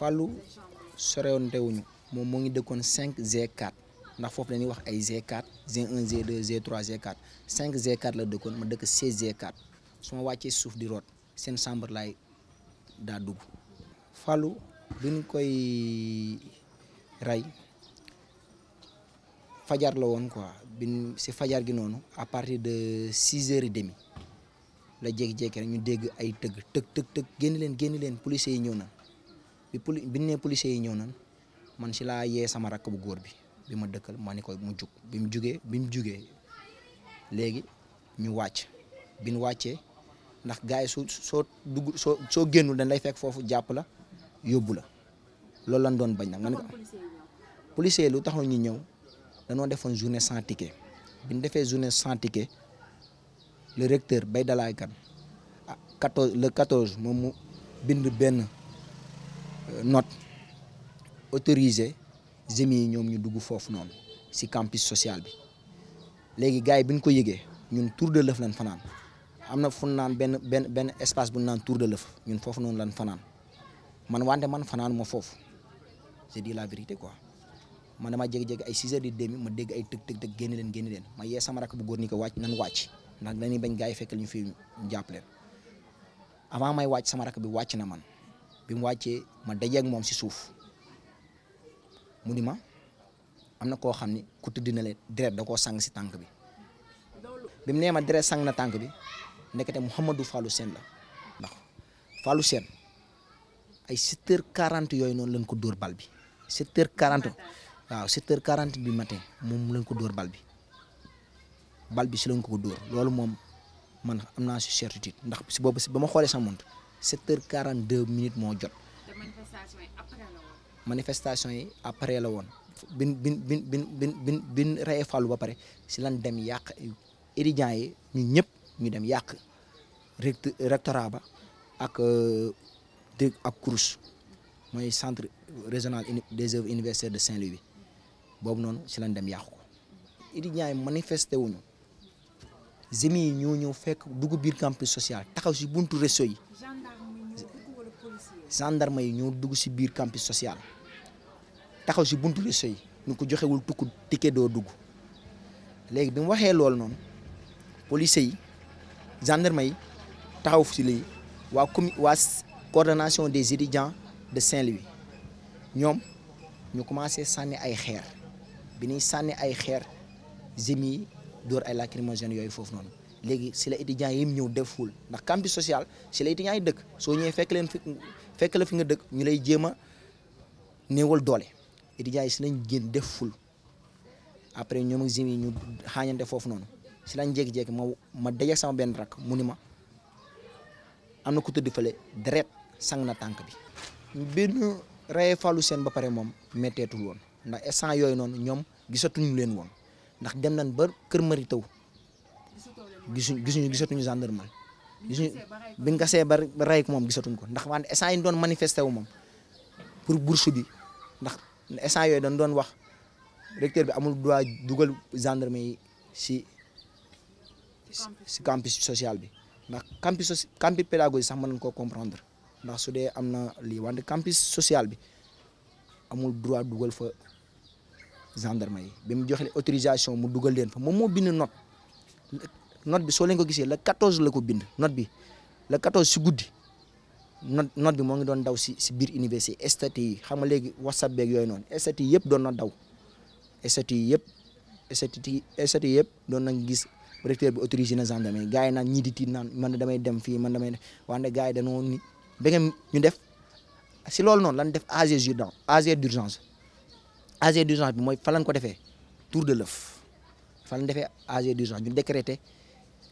wàllu sorewante wuñu moom moo ngi dëkkoon 5 G4 ndax foofu la wax ay G4 G1 G2 G3 G4 5 G4 la dëkkoon ma dëkk 16 G4 su wàccee suuf di root seen chambre laay daa dugg Fallou bi ñu koy rey fajar la woon quoi bi si fajar gi noonu à partir de six heures et demi la jékki-jékki ñu dégg ay tëgg tëg tëg tëg génn leen génn leen policiers yi ñëw na bi poli bi yi ñëw na man si laa yee sama rakk bu góor bi bi ma dëkkal ma ni ko mu jug bi mu jugee bi mu jugee léegi ñu wàcc bi ñu wàccee ndax gars yi soo soo dugg soo soo génnul dañ lay fekk foofu jàpp la yóbbu la loolu lan doon bañ nag man policier lu taxoon ñu ñëw danoo defoon journée sans bi ñu defee journée sans ticket le recteur bay dalaay kan ah quatorze le quatorze moom mu bindu benn euh, not autorisé jeunes yi ñoom ñu dugg foofu noonu si campus social bi léegi gars yi bi ñu ko yëgee ñun tour de lëf lan fanaan am na fu naan benn benn benn espace bu naan tour de lëf ñun foofu noonu lan fanaan man wante man fanaan moo foofu c'est di la vérité quoi man dama jéggi jéggi ay 6 h du demi ma dégg ay tëg tëg tëg génné len génné len ma yee iya sama rakk bu gorni ko wacc nan wacc nak dañuy bañ gaay fekk ñu fi japp len avant may wacc sama rak bi wacc na man bi mu wàccee ma dajé ak mom ci souf munima amna ko xamni ku tëdd na leen dérèt da ko sang ci tank bi bi mu nee ma sang na tank bi ndekete Mouhamadou Fallou sen la ndax Fallou sen ay 7 h 40 yoy non lañ ko dóor bal bi 7 h 40 waaw 7 h 40 bi matin mom lañ ko door bal bi bal bi ci lañ ko door lolou mom man amna ci certitude ndax ci bobu si ba ma sa montre 7 h 42 minutes mo jot. manifestation yi après la won bin bin bin bin bin bin bin raye fallu ba paré ci lan dem yak étudiants yi ñu ñëpp ñu dem yak rectorat ba ak euh, dëgg ak CROUS moy centre régional des œuvres universitaires de Saint-Louis. boobu noonu si lañ dem yàqu ko étudiants yi manifesté wuñu zemi yi ñoo ñëw fekk dugg biir campus social taxaw si buntu réseau yi yi ñoo dugg si biir campus social taxaw buntu réseau yi ñu ko joxewul tukk tike doo dugg léegi bi mu waxee loolu noonu policiers yi gendarme yi taxaw fu si lii waa comi waa coordination des étudiants de Saint-Louis ñoom ñu commencé sànni ay xeer bi ñuy sànni ay xeer zimi yi dóor ay lacrymogènes yooyu foofu noonu léegi si la étudiants yi ñëw def ful ndax campus social si la étudiants yi dëkk soo ñëwee fekk leen fi fekk la fi nga dëkk ñu lay jéem a doole étudiants yi si lañ génn def ful après ñoom ak zimi ñu xaañante foofu noonu si lañ jékki-jékki ma ma daje sama benn rakk mu ni ma am na ku tëdd fële deret sang na tànk bi. benn raye fàllu seen ba pare moom metteetul woon. ndax instant yooyu noonu ñoom gisatuñu len won ndax dem nañ ba kër mari taw gisuñ gisuñu gisatuñu gendarme gisuñu bi nga see ba ray ko moom gisatuñ ko ndax wan instant yi doon manifester wu mom pour bourse bi ndax instant yoy dañ doon wax recteur bi amul droit duggal gendarme yi ci ci campus social bi ndax campus campus pédagogique sax mën ko comprendre ndax su dé amna li lii campus social bi amul droit duggal fa gendarme yi bi mu joxe autorisation mu dugal leen fa moom moo bind note note bi soo leen ko gisee la 14 la ko bind note bi la 14 si guddi note note bi moo ngi doon daw si si biir université statut yi xam nga léegi whatsapp beeg yooyu noonu statut yi yëpp doon na daw statut yi yëpp statut yi statut yëpp doon nañ gis recteur bi autorisé na gendarme yi gars yi naan ñii di tiit naan man damay dem fii man damay wante gars yi dañoo ni ba ñu def si loolu noonu lan d AG d'urgence bi moy fa ko defee tour de l'œuf fa lañ defee AG d'urgence ñu décrété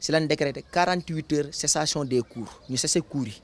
si lañ décrété 48 heures cessation des cours ñu cessé cours yi